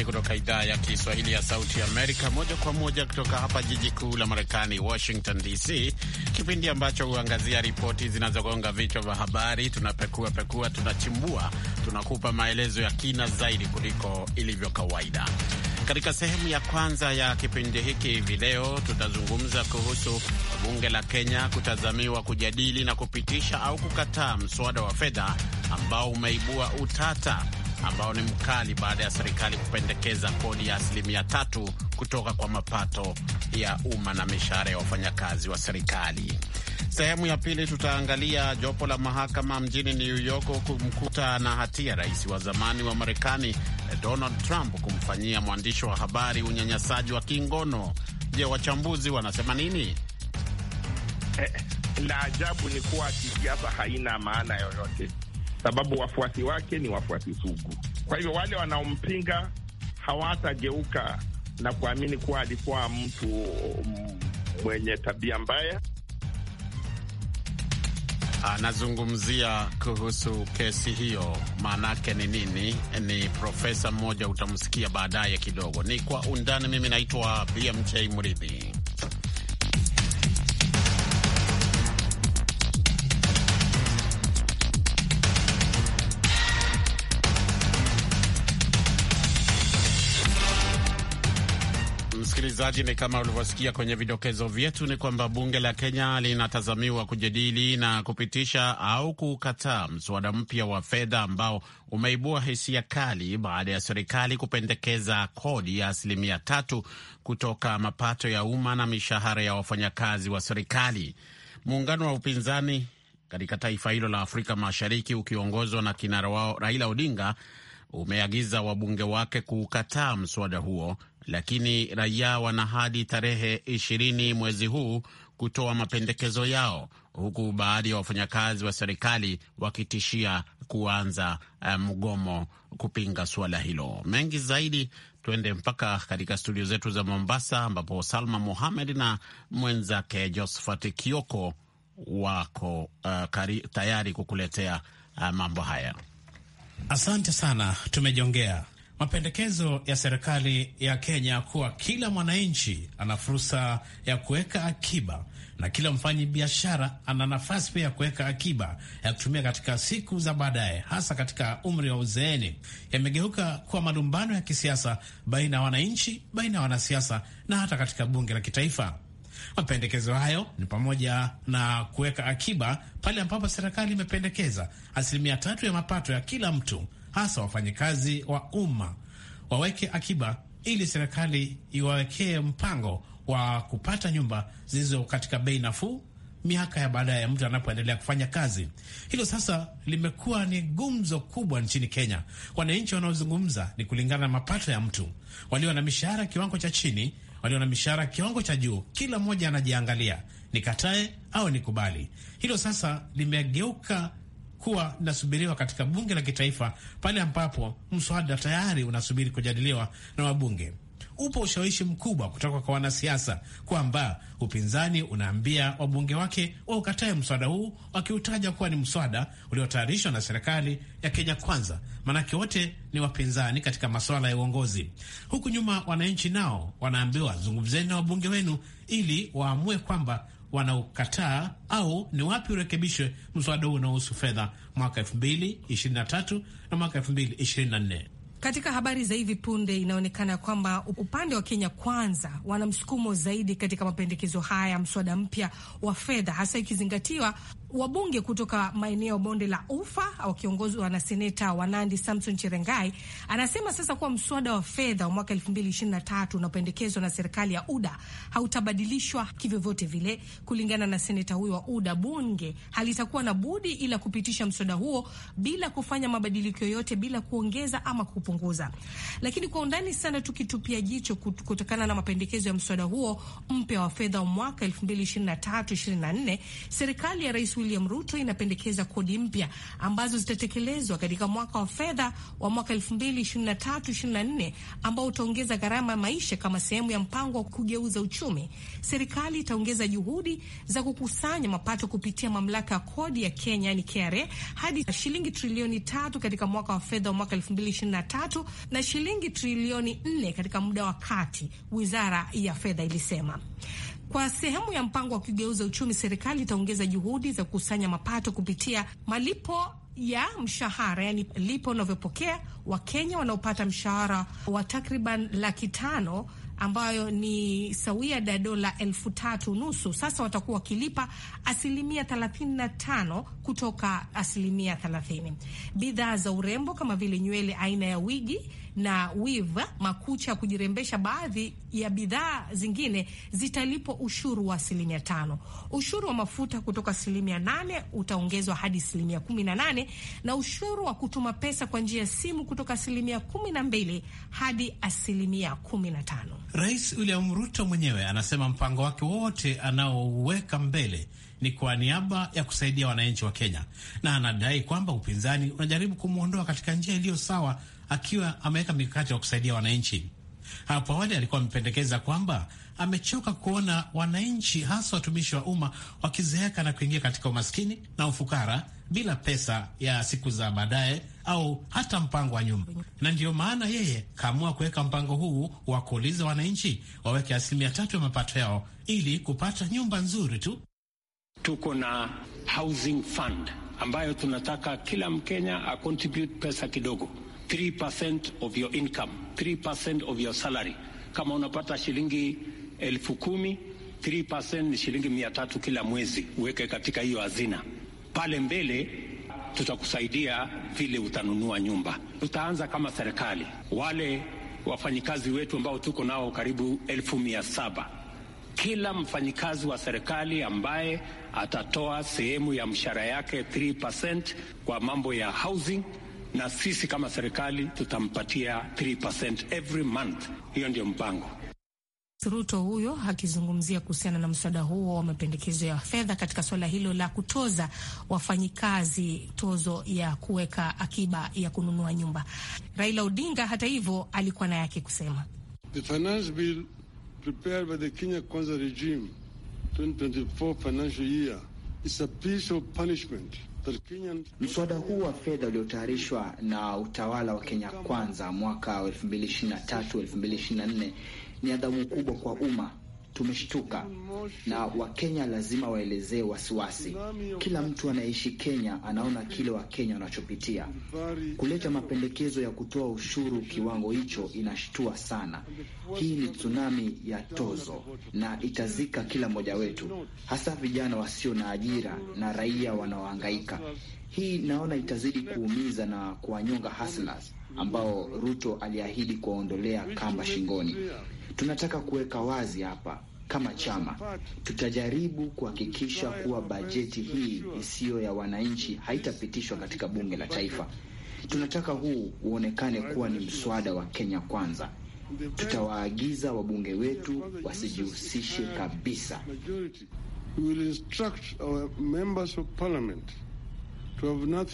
Undani kutoka idhaa ya Kiswahili ya Sauti ya Amerika, moja kwa moja kutoka hapa jiji kuu la Marekani, Washington DC, kipindi ambacho huangazia ripoti zinazogonga vichwa vya habari. Tunapekua pekua, tunachimbua, tunakupa maelezo ya kina zaidi kuliko ilivyo kawaida. Katika sehemu ya kwanza ya kipindi hiki hivi leo tutazungumza kuhusu bunge la Kenya kutazamiwa kujadili na kupitisha au kukataa mswada wa fedha ambao umeibua utata ambao ni mkali baada ya serikali kupendekeza kodi ya asilimia tatu kutoka kwa mapato ya umma na mishahara ya wafanyakazi wa serikali. Sehemu ya pili tutaangalia jopo la mahakama mjini New York kumkuta na hatia rais wa zamani wa Marekani Donald Trump kumfanyia mwandishi wa habari unyanyasaji wa kingono. Je, wachambuzi wanasema nini? Eh, la ajabu ni kuwa kisiasa haina maana yoyote sababu wafuasi wake ni wafuasi sugu. Kwa hivyo wale wanaompinga hawatageuka na kuamini kuwa alikuwa mtu mm, mwenye tabia mbaya. Anazungumzia kuhusu kesi hiyo, maanake ni nini? Ni profesa mmoja, utamsikia baadaye kidogo. Ni kwa undani. Mimi naitwa BMJ Mridhi. msikilizaji, ni kama ulivyosikia kwenye vidokezo vyetu, ni kwamba bunge la Kenya linatazamiwa kujadili na kupitisha au kukataa mswada mpya wa fedha ambao umeibua hisia kali baada ya serikali kupendekeza kodi ya asilimia tatu kutoka mapato ya umma na mishahara ya wafanyakazi wa serikali. Muungano wa upinzani katika taifa hilo la Afrika Mashariki ukiongozwa na kinara wao Raila Odinga umeagiza wabunge wake kuukataa mswada huo, lakini raia wana hadi tarehe ishirini mwezi huu kutoa mapendekezo yao, huku baadhi ya wafanyakazi wa serikali wakitishia kuanza eh, mgomo kupinga suala hilo. Mengi zaidi tuende mpaka katika studio zetu za Mombasa, ambapo Salma Mohamed na mwenzake josphat Kioko wako uh, kari, tayari kukuletea uh, mambo haya. Asante sana, tumejongea. Mapendekezo ya serikali ya Kenya kuwa kila mwananchi ana fursa ya kuweka akiba na kila mfanyi biashara ana nafasi pia ya kuweka akiba ya kutumia katika siku za baadaye, hasa katika umri wa uzeeni, yamegeuka kuwa malumbano ya kisiasa baina ya wananchi, baina ya wanasiasa na hata katika bunge la kitaifa. Mapendekezo hayo ni pamoja na kuweka akiba pale ambapo serikali imependekeza asilimia tatu ya mapato ya kila mtu, hasa wafanyikazi wa umma waweke akiba ili serikali iwawekee mpango wa kupata nyumba zilizo katika bei nafuu miaka ya baadaye ya mtu anapoendelea kufanya kazi. Hilo sasa limekuwa ni gumzo kubwa nchini Kenya. Wananchi wanaozungumza ni kulingana na mapato ya mtu. Walio na mishahara kiwango cha chini walio na mishahara kiwango cha juu, kila mmoja anajiangalia, nikatae au nikubali. Hilo sasa limegeuka kuwa linasubiriwa katika bunge la kitaifa pale ambapo mswada tayari unasubiri kujadiliwa na wabunge upo ushawishi mkubwa kutoka kwa wanasiasa kwamba upinzani unaambia wabunge wake waukatae mswada huu, wakiutaja kuwa ni mswada uliotayarishwa na serikali ya Kenya Kwanza, maanake wote ni wapinzani katika masuala ya uongozi. Huku nyuma, wananchi nao wanaambiwa, zungumzeni na wabunge wenu ili waamue kwamba wanaukataa au ni wapi urekebishwe mswada huu unaohusu fedha mwaka 2023 na mwaka 2024. Katika habari za hivi punde inaonekana kwamba upande wa Kenya Kwanza wana msukumo zaidi katika mapendekezo haya mswada mpya wa fedha, hasa ikizingatiwa Wabunge kutoka maeneo bonde la Ufa wakiongozwa na seneta wa Nandi Samson Cherengai anasema sasa kuwa mswada wa fedha wa mwaka 2023 unapendekezwa na serikali ya UDA hautabadilishwa kivyovyote vile. Kulingana na seneta huyo wa UDA, bunge halitakuwa na budi ila kupitisha mswada huo bila kufanya mabadiliko yoyote, bila kuongeza ama kupunguza. Lakini kwa undani sana, tukitupia jicho kutokana na mapendekezo ya mswada huo mpya wa fedha wa mwaka 2023/24 serikali ya rais William Ruto inapendekeza kodi mpya ambazo zitatekelezwa katika mwaka wa fedha wa mwaka 2023/24 ambao utaongeza gharama ya maisha kama sehemu ya mpango wa kugeuza uchumi. Serikali itaongeza juhudi za kukusanya mapato kupitia mamlaka ya kodi ya Kenya, yani KRA, hadi shilingi trilioni tatu katika mwaka wa fedha wa mwaka 2023 na shilingi trilioni 4 katika muda wa kati, wizara ya fedha ilisema. Kwa sehemu ya mpango wa kugeuza uchumi, serikali itaongeza juhudi za kukusanya mapato kupitia malipo ya mshahara, yani lipo unavyopokea Wakenya wanaopata mshahara wa takriban laki tano ambayo ni sawia da dola elfu tatu nusu. Sasa watakuwa wakilipa asilimia 35 kutoka asilimia 30. Bidhaa za urembo kama vile nywele aina ya wigi na wiv makucha ya kujirembesha, baadhi ya bidhaa zingine zitalipwa ushuru wa asilimia tano. Ushuru wa mafuta kutoka asilimia nane utaongezwa hadi asilimia kumi na nane na ushuru wa kutuma pesa kwa njia ya simu kutoka asilimia kumi na mbili hadi asilimia kumi na tano. Rais William Ruto mwenyewe anasema mpango wake wote anaouweka mbele ni kwa niaba ya kusaidia wananchi wa Kenya, na anadai kwamba upinzani unajaribu kumwondoa katika njia iliyo sawa akiwa ameweka mikakati ya kusaidia wananchi. Hapo awali alikuwa amependekeza kwamba amechoka kuona wananchi hasa watumishi wa umma wakizeeka na kuingia katika umaskini na ufukara bila pesa ya siku za baadaye au hata mpango wa nyumba, na ndiyo maana yeye kaamua kuweka mpango huu wa kuuliza wananchi waweke asilimia tatu ya mapato yao ili kupata nyumba nzuri tu. Tuko na housing fund ambayo tunataka kila Mkenya akontribute pesa kidogo 3% of your income, 3% of your salary. Kama unapata shilingi elfu kumi, 3% ni shilingi mia tatu kila mwezi, uweke katika hiyo hazina. Pale mbele tutakusaidia vile utanunua nyumba. Tutaanza kama serikali, wale wafanyikazi wetu ambao tuko nao karibu elfu mia saba kila mfanyikazi wa serikali ambaye atatoa sehemu ya mshahara yake 3% kwa mambo ya housing na sisi kama serikali tutampatia 3% every month. Hiyo ndio mpango. Ruto huyo akizungumzia kuhusiana na mswada huo wa mapendekezo ya fedha katika suala hilo la kutoza wafanyikazi tozo ya kuweka akiba ya kununua nyumba. Raila Odinga hata hivyo alikuwa na yake kusema. The finance bill prepared by the Kenya Kwanza regime 2024 financial year is a piece of punishment Mswada huu wa fedha uliotayarishwa na utawala wa Kenya Kwanza mwaka wa 2023-2024 ni adhabu kubwa kwa umma Tumeshtuka na Wakenya lazima waelezee wasiwasi. Kila mtu anayeishi Kenya anaona kile Wakenya wanachopitia. Kuleta mapendekezo ya kutoa ushuru kiwango hicho inashtua sana. Hii ni tsunami ya tozo na itazika kila mmoja wetu, hasa vijana wasio na ajira na raia wanaohangaika. Hii naona itazidi kuumiza na kuwanyonga hustlers ambao Ruto aliahidi kuwaondolea kamba shingoni. Tunataka kuweka wazi hapa kama chama tutajaribu kuhakikisha kuwa bajeti hii isiyo ya wananchi haitapitishwa katika bunge la taifa. Tunataka huu uonekane kuwa ni mswada wa Kenya Kwanza. Tutawaagiza wabunge wetu wasijihusishe kabisa. We will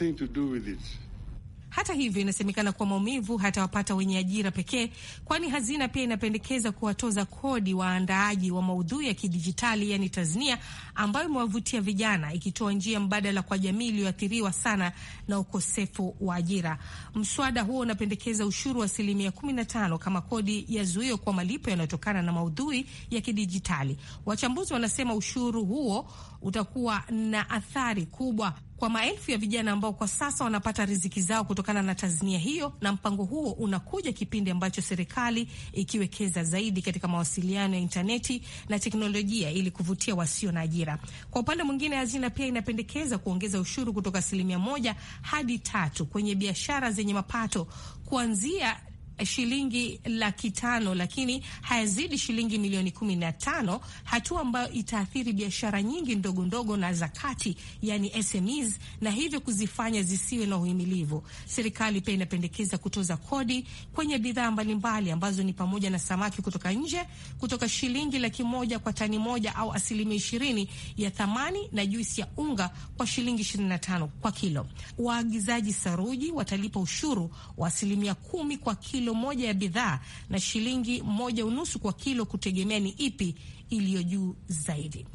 hata hivyo, inasemekana kuwa maumivu hata wapata wenye ajira pekee, kwani hazina pia inapendekeza kuwatoza kodi waandaaji wa maudhui ya kidijitali yani tasnia, ambayo imewavutia vijana, ikitoa njia mbadala kwa jamii iliyoathiriwa sana na ukosefu wa ajira. Mswada huo unapendekeza ushuru wa asilimia 15 kama kodi ya zuio kwa malipo yanayotokana na maudhui ya kidijitali. Wachambuzi wanasema ushuru huo utakuwa na athari kubwa kwa maelfu ya vijana ambao kwa sasa wanapata riziki zao kutokana na tasnia hiyo, na mpango huo unakuja kipindi ambacho serikali ikiwekeza zaidi katika mawasiliano ya intaneti na teknolojia ili kuvutia wasio na ajira. Kwa upande mwingine, hazina pia inapendekeza kuongeza ushuru kutoka asilimia moja hadi tatu kwenye biashara zenye mapato kuanzia shilingi laki tano lakini hayazidi shilingi milioni kumi na tano, hatua ambayo itaathiri biashara nyingi ndogo ndogo na za kati, yani SMEs, na hivyo kuzifanya zisiwe na uhimilivu. Serikali pia inapendekeza kutoza kodi kwenye bidhaa mbalimbali ambazo ni pamoja na samaki kutoka nje kutoka shilingi laki moja kwa tani moja au asilimia ishirini ya thamani na juisi ya unga kwa shilingi ishirini na tano kwa kilo. Waagizaji saruji watalipa ushuru wa asilimia kumi kwa kilo kilo moja ya bidhaa na shilingi moja unusu kwa kilo kutegemea ni ipi iliyo juu zaidi.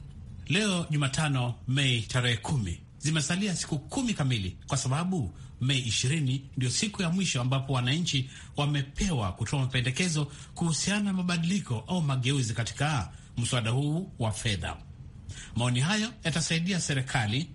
Leo Jumatano, Mei tarehe kumi, zimesalia siku kumi kamili kwa sababu Mei ishirini ndio siku ya mwisho ambapo wananchi wamepewa kutoa mapendekezo kuhusiana na mabadiliko au mageuzi katika mswada huu wa fedha. Maoni hayo yatasaidia serikali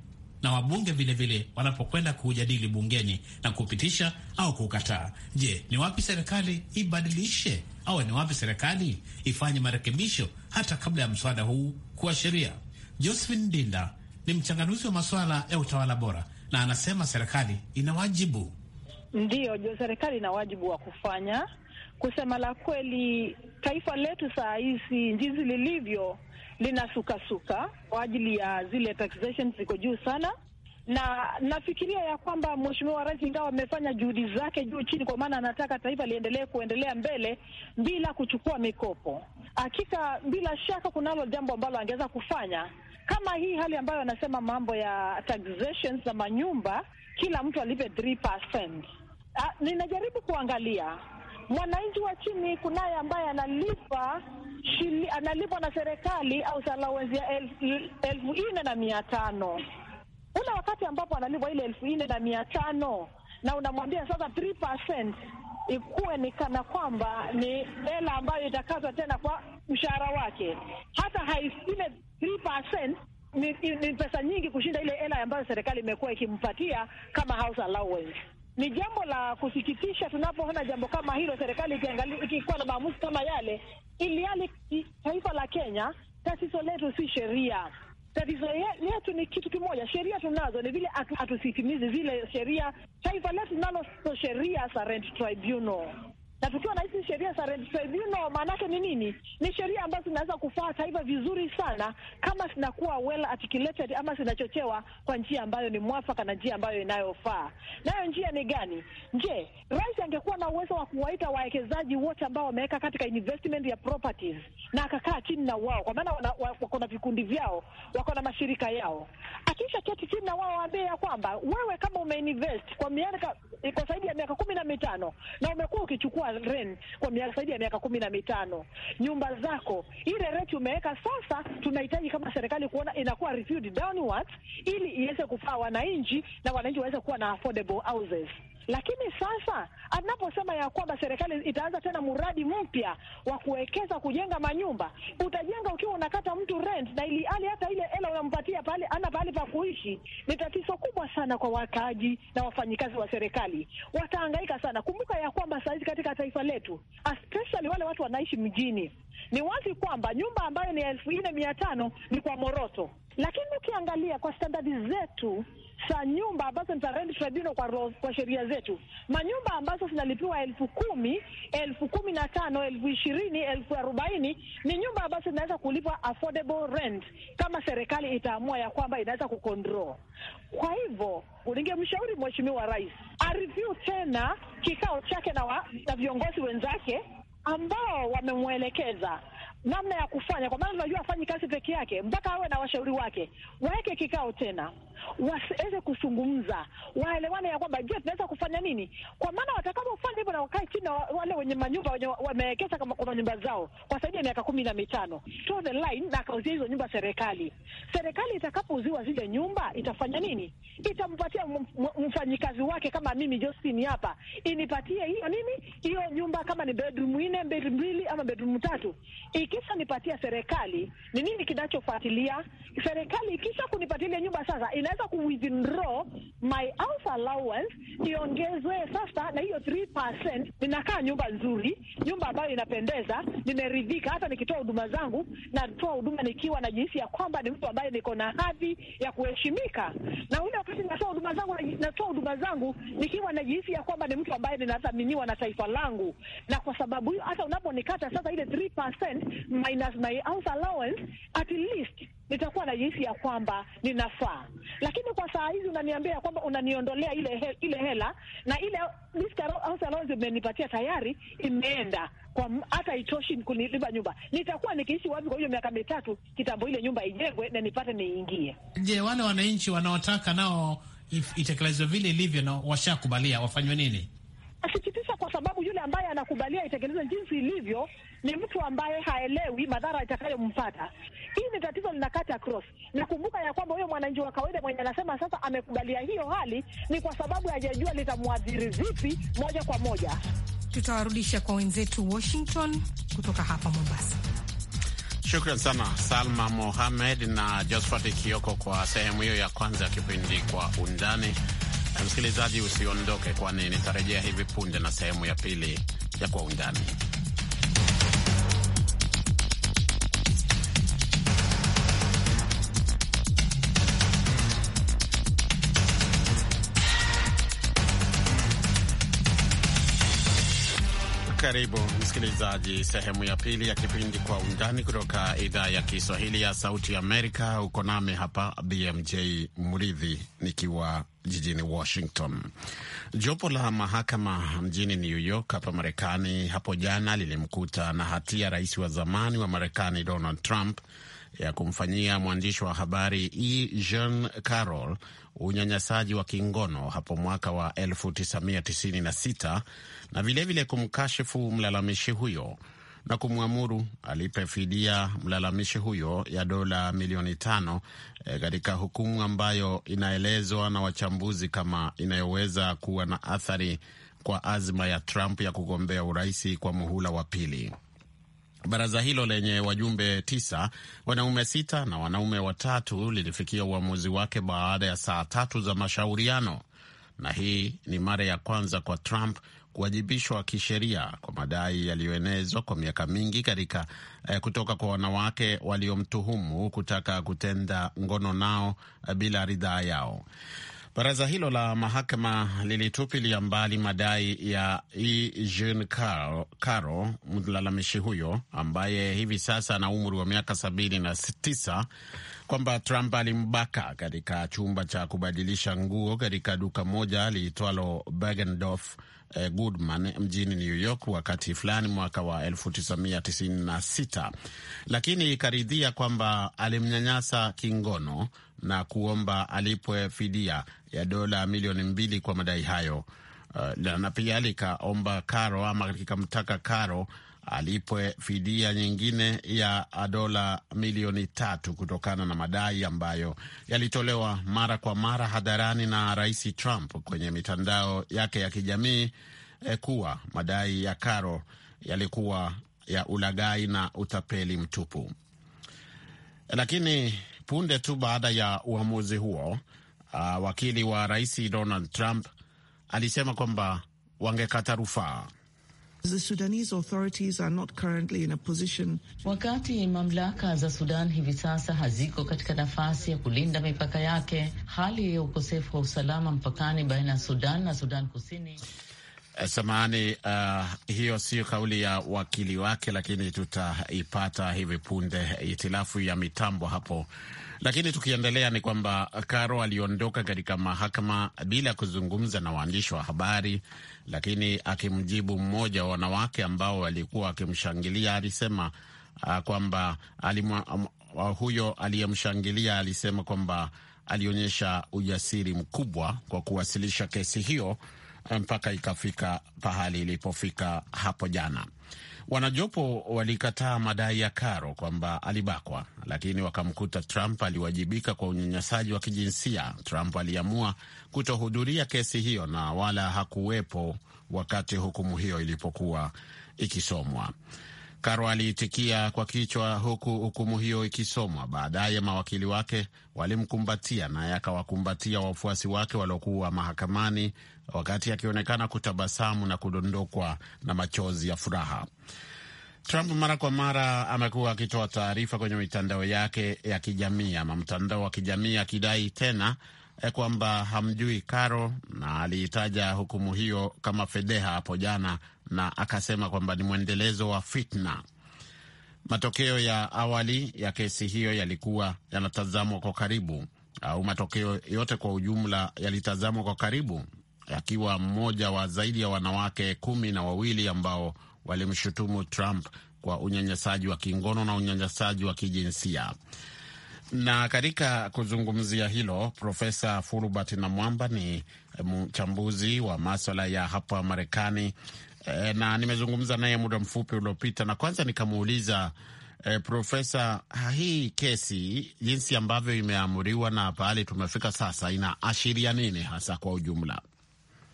na wabunge vilevile wanapokwenda kuujadili bungeni na kupitisha au kukataa. Je, ni wapi serikali ibadilishe au ni wapi serikali ifanye marekebisho hata kabla ya mswada huu kuwa sheria? Josephine Dinda ni mchanganuzi wa masuala ya utawala bora na anasema serikali ina wajibu Ndiyo, serikali ina wajibu wa kufanya. Kusema la kweli, taifa letu saa hizi jinsi lilivyo linasukasuka kwa ajili ya zile taxation ziko juu sana, na nafikiria ya kwamba Mheshimiwa Rais ingawa amefanya juhudi zake juu chini, kwa maana anataka taifa liendelee kuendelea mbele bila kuchukua mikopo. Hakika bila shaka kunalo jambo ambalo angeweza kufanya, kama hii hali ambayo anasema mambo ya taxations na manyumba kila mtu alipe 3%. Ah, ninajaribu kuangalia mwananchi wa chini, kunaye ambaye analipa analipa na serikali au allowance ya elfu nne na mia tano ule wakati ambapo analipwa ile elfu nne na mia tano na unamwambia sasa 3% ikuwe ni kana kwamba ni hela ambayo itakazwa tena kwa mshahara wake, hata haifile 3% ni, ni, ni pesa nyingi kushinda ile hela ambayo serikali imekuwa ikimpatia kama house allowance. Ni jambo la kusikitisha tunapoona jambo kama hilo, serikali ikiangalia ikikuwa na maamuzi kama yale, ili hali taifa la Kenya, tatizo letu si sheria. Tatizo letu ni kitu kimoja, sheria tunazo, ni vile hatusitimizi zile sheria. Taifa letu nalo sio sheria, rent Tribunal na tukiwa na hizi sheria za rent tribunal, maanake ni nini? Ni sheria ambazo zinaweza kufaa taifa vizuri sana kama zinakuwa well articulated, ama zinachochewa kwa njia ambayo ni mwafaka na njia ambayo inayofaa. Nayo njia ni gani? Je, rais angekuwa na uwezo wa kuwaita wawekezaji wote ambao wameweka katika investment ya properties na akakaa chini na wao, kwa maana wako na vikundi vyao, wako na mashirika yao. Akisha keti chini na wao, waambie ya kwamba wewe kama umeinvest kwa miaka, kwa zaidi ya miaka kumi na mitano na umekuwa ukichukua unalipa rent kwa miaka zaidi ya miaka kumi na mitano nyumba zako, ile rent umeweka sasa, tunahitaji kama serikali kuona inakuwa reviewed downwards, ili iweze kufaa wananchi na wananchi waweze kuwa na affordable houses. Lakini sasa anaposema ya kwamba serikali itaanza tena mradi mpya wa kuwekeza kujenga manyumba, utajenga ukiwa unakata mtu rent, na ili hali hata ile hela unampatia pale ana pahali pa kuishi, ni tatizo kubwa sana kwa wakaaji na wafanyikazi wa serikali, watahangaika sana. Kumbuka ya kwamba saa hizi katika taifa letu, especially wale watu wanaishi mjini, ni wazi kwamba nyumba ambayo ni elfu nne mia tano ni kwa moroto lakini ukiangalia kwa standardi zetu za nyumba ambazo ni za rent tribunal, kwa kwa sheria zetu, manyumba ambazo zinalipiwa elfu kumi elfu kumi na tano elfu ishirini elfu arobaini ni nyumba ambazo zinaweza kulipwa affordable rent kama serikali itaamua ya kwamba inaweza kucontrol. Kwa hivyo ningemshauri mheshimiwa rais areview tena kikao chake na, wa, na viongozi wenzake ambao wamemwelekeza namna ya kufanya, kwa maana tunajua afanyi kazi peke yake, mpaka awe na washauri wake. Waweke kikao tena wasiweze kuzungumza, waelewane ya kwamba je, tunaweza kufanya nini? Kwa maana watakapofanya hivyo na wakae chini na wale wenye manyumba wenye wamewekeza kama kuna nyumba zao kwa zaidi ya miaka kumi na mitano to line na akauzia hizo nyumba serikali. Serikali itakapouziwa zile nyumba itafanya nini? Itampatia mfanyikazi wake kama mimi Justin hapa, inipatie hiyo nini, hiyo nyumba kama ni bedroom nne, bedroom mbili ama bedroom tatu. Ikisha nipatia serikali, ni nini kinachofuatilia? Serikali ikisha kunipatia ile nyumba sasa inaweza withdraw my house allowance iongezwe sasa, na hiyo 3%, ninakaa nyumba nzuri, nyumba ambayo inapendeza, nimeridhika. Hata nikitoa huduma zangu, natoa huduma nikiwa jinsi ya kwamba ni mtu ambaye niko na hadhi ya kuheshimika, na ule wakati natoa huduma zangu, natoa huduma zangu nikiwa jinsi ya kwamba ni mtu ambaye ninathaminiwa na taifa langu. Na kwa sababu hiyo, hata unaponikata sasa ile 3% minus my house allowance at least nitakuwa najihisi ya kwamba ninafaa. Lakini kwa saa hizi unaniambia ya kwamba unaniondolea ile he, ile hela na ile imenipatia umenipatia tayari imeenda kwa hata itoshi kunilipa nyumba. Nitakuwa nikiishi wapi kwa hiyo miaka mitatu kitambo ile nyumba ijengwe na nipate niingie? Je, wale wananchi wanaotaka nao itekelezwe vile ilivyo na washakubalia wafanywe nini? Asikitisha kwa sababu yule ambaye anakubalia itekelezwe jinsi ilivyo ni mtu ambaye haelewi madhara itakayompata. Hii ni tatizo linakata across. Nakumbuka ya kwamba huyo mwananchi wa kawaida mwenye anasema sasa amekubalia hiyo hali ni kwa sababu hajajua litamwadhiri vipi moja kwa moja. Tutawarudisha kwa wenzetu Washington kutoka hapa Mombasa. Shukran sana Salma Mohamed na Josphat Kioko kwa sehemu hiyo ya kwanza ya kipindi Kwa Undani. Msikilizaji, usiondoke, kwani nitarejea hivi punde na sehemu ya pili ya Kwa Undani. Karibu msikilizaji, sehemu ya pili ya kipindi Kwa Undani kutoka idhaa ya Kiswahili ya Sauti Amerika. Uko nami hapa BMJ Mridhi nikiwa jijini Washington. Jopo la mahakama mjini New York hapa Marekani hapo jana lilimkuta na hatia rais wa zamani wa Marekani Donald Trump ya kumfanyia mwandishi wa habari E. Jean Carroll unyanyasaji wa kingono hapo mwaka wa 1996 na vilevile kumkashifu mlalamishi huyo na kumwamuru alipe fidia mlalamishi huyo ya dola milioni tano e, katika e, hukumu ambayo inaelezwa na wachambuzi kama inayoweza kuwa na athari kwa azma ya Trump ya kugombea urais kwa muhula wa pili. Baraza hilo lenye wajumbe tisa, wanaume sita na wanaume watatu lilifikia uamuzi wake baada ya saa tatu za mashauriano, na hii ni mara ya kwanza kwa Trump kuwajibishwa kisheria kwa madai yaliyoenezwa kwa miaka mingi katika eh, kutoka kwa wanawake waliomtuhumu kutaka kutenda ngono nao eh, bila ridhaa yao. Baraza hilo la mahakama lilitupilia mbali madai ya E. Jean Caro, mlalamishi huyo ambaye hivi sasa ana umri wa miaka na tisa kwamba Trump alimbaka katika chumba cha kubadilisha nguo katika duka moja liitwalo Bergendorf eh, Goodman mjini New York wakati fulani mwaka wa 1996 lakini ikaridhia kwamba alimnyanyasa kingono na kuomba alipwe fidia ya dola milioni mbili kwa madai hayo. Uh, na pia likaomba karo ama likamtaka karo alipwe fidia nyingine ya dola milioni tatu kutokana na madai ambayo yalitolewa mara kwa mara hadharani na Rais Trump kwenye mitandao yake ya kijamii eh, kuwa madai ya Karo yalikuwa ya ulagai na utapeli mtupu. Lakini punde tu baada ya uamuzi huo, uh, wakili wa Rais Donald Trump alisema kwamba wangekata rufaa. The Sudanese authorities are not currently in a position. Wakati mamlaka za Sudan hivi sasa haziko katika nafasi ya kulinda mipaka yake, hali ya ukosefu wa usalama mpakani baina ya Sudan na Sudan Kusini Eh, samahani, uh, hiyo sio kauli ya wakili wake, lakini tutaipata hivi punde, itilafu ya mitambo hapo. Lakini tukiendelea ni kwamba Karo aliondoka katika mahakama bila kuzungumza na waandishi wa habari, lakini akimjibu mmoja wa wanawake ambao walikuwa akimshangilia, alisema uh, kwamba alimwa, uh, huyo aliyemshangilia alisema kwamba alionyesha ujasiri mkubwa kwa kuwasilisha kesi hiyo mpaka ikafika pahali ilipofika hapo jana. Wanajopo walikataa madai ya Karo kwamba alibakwa, lakini wakamkuta Trump aliwajibika kwa unyanyasaji wa kijinsia. Trump aliamua kutohudhuria kesi hiyo na wala hakuwepo wakati hukumu hiyo ilipokuwa ikisomwa. Caro aliitikia kwa kichwa, huku hukumu hiyo ikisomwa. Baadaye mawakili wake walimkumbatia naye akawakumbatia wafuasi wake waliokuwa mahakamani, wakati akionekana kutabasamu na kudondokwa na machozi ya furaha. Trump mara kwa mara amekuwa akitoa taarifa kwenye mitandao yake ya kijamii ama mtandao wa kijamii akidai tena kwamba hamjui karo, na aliitaja hukumu hiyo kama fedheha hapo jana, na akasema kwamba ni mwendelezo wa fitna. Matokeo ya awali ya kesi hiyo yalikuwa yanatazamwa kwa karibu, au matokeo yote kwa ujumla yalitazamwa kwa karibu, akiwa mmoja wa zaidi ya wanawake kumi na wawili ambao walimshutumu Trump kwa unyanyasaji wa kingono na unyanyasaji wa kijinsia. Na katika kuzungumzia hilo, Profesa Fulbert Namwamba ni mchambuzi wa maswala ya hapa Marekani eh, na nimezungumza naye muda mfupi uliopita, na kwanza nikamuuliza e, Profesa, hii kesi jinsi ambavyo imeamuriwa na pahali tumefika sasa inaashiria nini hasa kwa ujumla?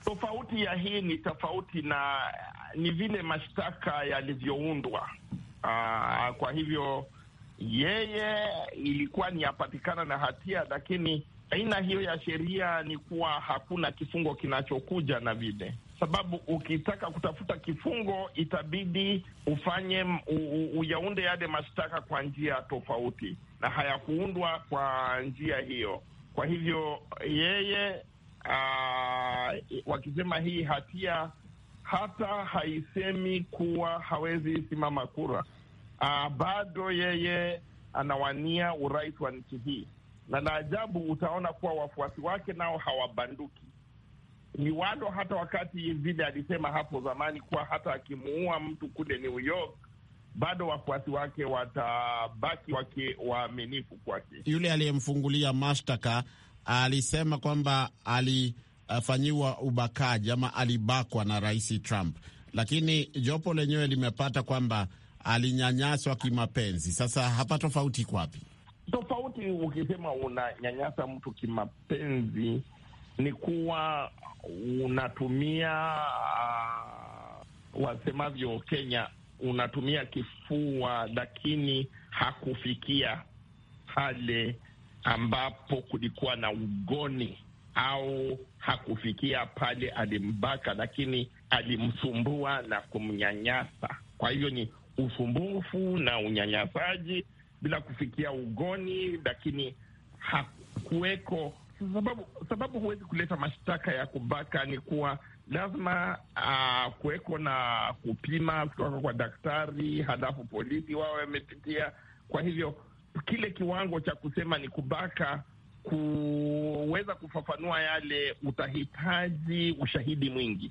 Tofauti ya hii ni tofauti na ni vile mashtaka yalivyoundwa. Ah, kwa hivyo yeye ilikuwa ni apatikana na hatia, lakini aina hiyo ya sheria ni kuwa hakuna kifungo kinachokuja na vile sababu ukitaka kutafuta kifungo itabidi ufanye uyaunde yale mashtaka kwa njia tofauti, na hayakuundwa kwa njia hiyo. Kwa hivyo yeye aa, wakisema hii hatia hata haisemi kuwa hawezi simama kura uh, bado yeye anawania urais wa nchi hii, na la ajabu utaona kuwa wafuasi wake nao hawabanduki ni wado hata wakati vile alisema hapo zamani kuwa hata akimuua mtu kule New York bado wafuasi wake watabaki wake waaminifu kwake. Yule aliyemfungulia mashtaka alisema kwamba alifanyiwa ubakaji ama alibakwa na Rais Trump, lakini jopo lenyewe limepata kwamba alinyanyaswa kimapenzi. Sasa hapa tofauti iko wapi? Tofauti ukisema unanyanyasa mtu kimapenzi ni kuwa unatumia uh, wasemavyo Kenya, unatumia kifua, lakini hakufikia pale ambapo kulikuwa na ugoni, au hakufikia pale alimbaka, lakini alimsumbua na kumnyanyasa. Kwa hivyo ni usumbufu na unyanyasaji, bila kufikia ugoni, lakini hakuweko sababu. Sababu huwezi kuleta mashtaka ya kubaka, ni kuwa lazima uh, kuweko na kupima kutoka kwa daktari, halafu polisi wao wamepitia. Kwa hivyo kile kiwango cha kusema ni kubaka kuweza kufafanua yale, utahitaji ushahidi mwingi,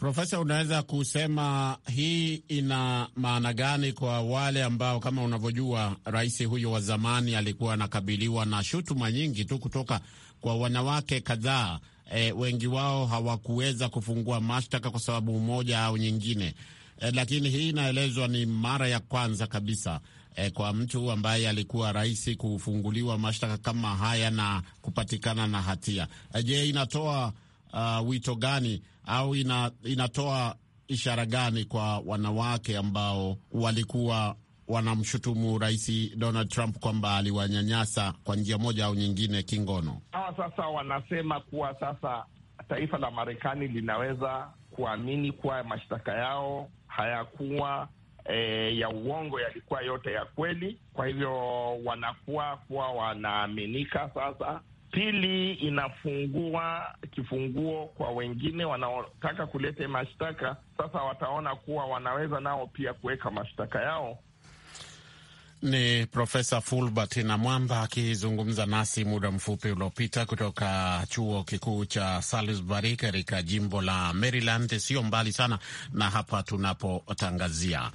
Profesa, unaweza kusema hii ina maana gani kwa wale ambao, kama unavyojua, rais huyo wa zamani alikuwa anakabiliwa na shutuma nyingi tu kutoka kwa wanawake kadhaa. E, wengi wao hawakuweza kufungua mashtaka kwa sababu moja au nyingine. E, lakini hii inaelezwa ni mara ya kwanza kabisa e, kwa mtu ambaye alikuwa rais kufunguliwa mashtaka kama haya na kupatikana na hatia. E, je, inatoa uh, wito gani au ina, inatoa ishara gani kwa wanawake ambao walikuwa wanamshutumu Rais Donald Trump kwamba aliwanyanyasa kwa njia moja au nyingine kingono? Hawa ah, sasa wanasema kuwa sasa taifa la Marekani linaweza kuamini kuwa mashtaka yao hayakuwa E, ya uongo yalikuwa yote ya kweli. Kwa hivyo wanakuwa kuwa wanaaminika sasa Pili, inafungua kifunguo kwa wengine wanaotaka kuleta mashtaka. Sasa wataona kuwa wanaweza nao pia kuweka mashtaka yao. Ni Profesa Fulbert na Mwamba akizungumza nasi muda mfupi uliopita kutoka chuo kikuu cha Salisbury katika jimbo la Maryland, sio mbali sana na hapa tunapotangazia.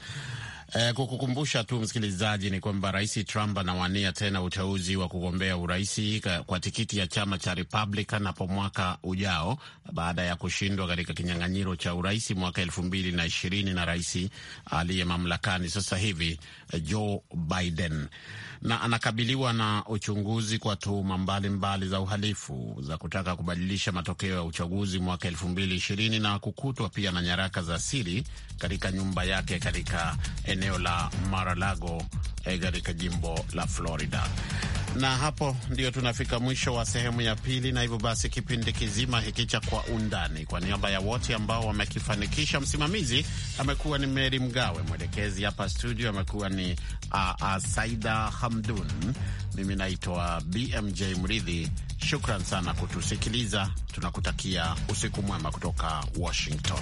Eh, kukukumbusha tu msikilizaji ni kwamba Rais Trump anawania tena uteuzi wa kugombea uraisi kwa tikiti ya chama cha Republican hapo mwaka ujao baada ya kushindwa katika kinyang'anyiro cha uraisi mwaka elfu mbili na ishirini na rais aliye mamlakani sasa hivi eh, Joe Biden na anakabiliwa na uchunguzi kwa tuhuma mbalimbali za uhalifu za kutaka kubadilisha matokeo ya uchaguzi mwaka elfu mbili ishirini na kukutwa pia na nyaraka za siri katika nyumba yake katika eneo la Maralago eh, katika jimbo la Florida. Na hapo ndio tunafika mwisho wa sehemu ya pili, na hivyo basi kipindi kizima hiki cha Kwa Undani, kwa niaba ya wote ambao wamekifanikisha, msimamizi amekuwa ni Meri Mgawe, mwelekezi hapa studio amekuwa ni uh, uh, Saida Hamdun, mimi naitwa BMJ Mridhi. Shukran sana kutusikiliza, tunakutakia usiku mwema kutoka Washington.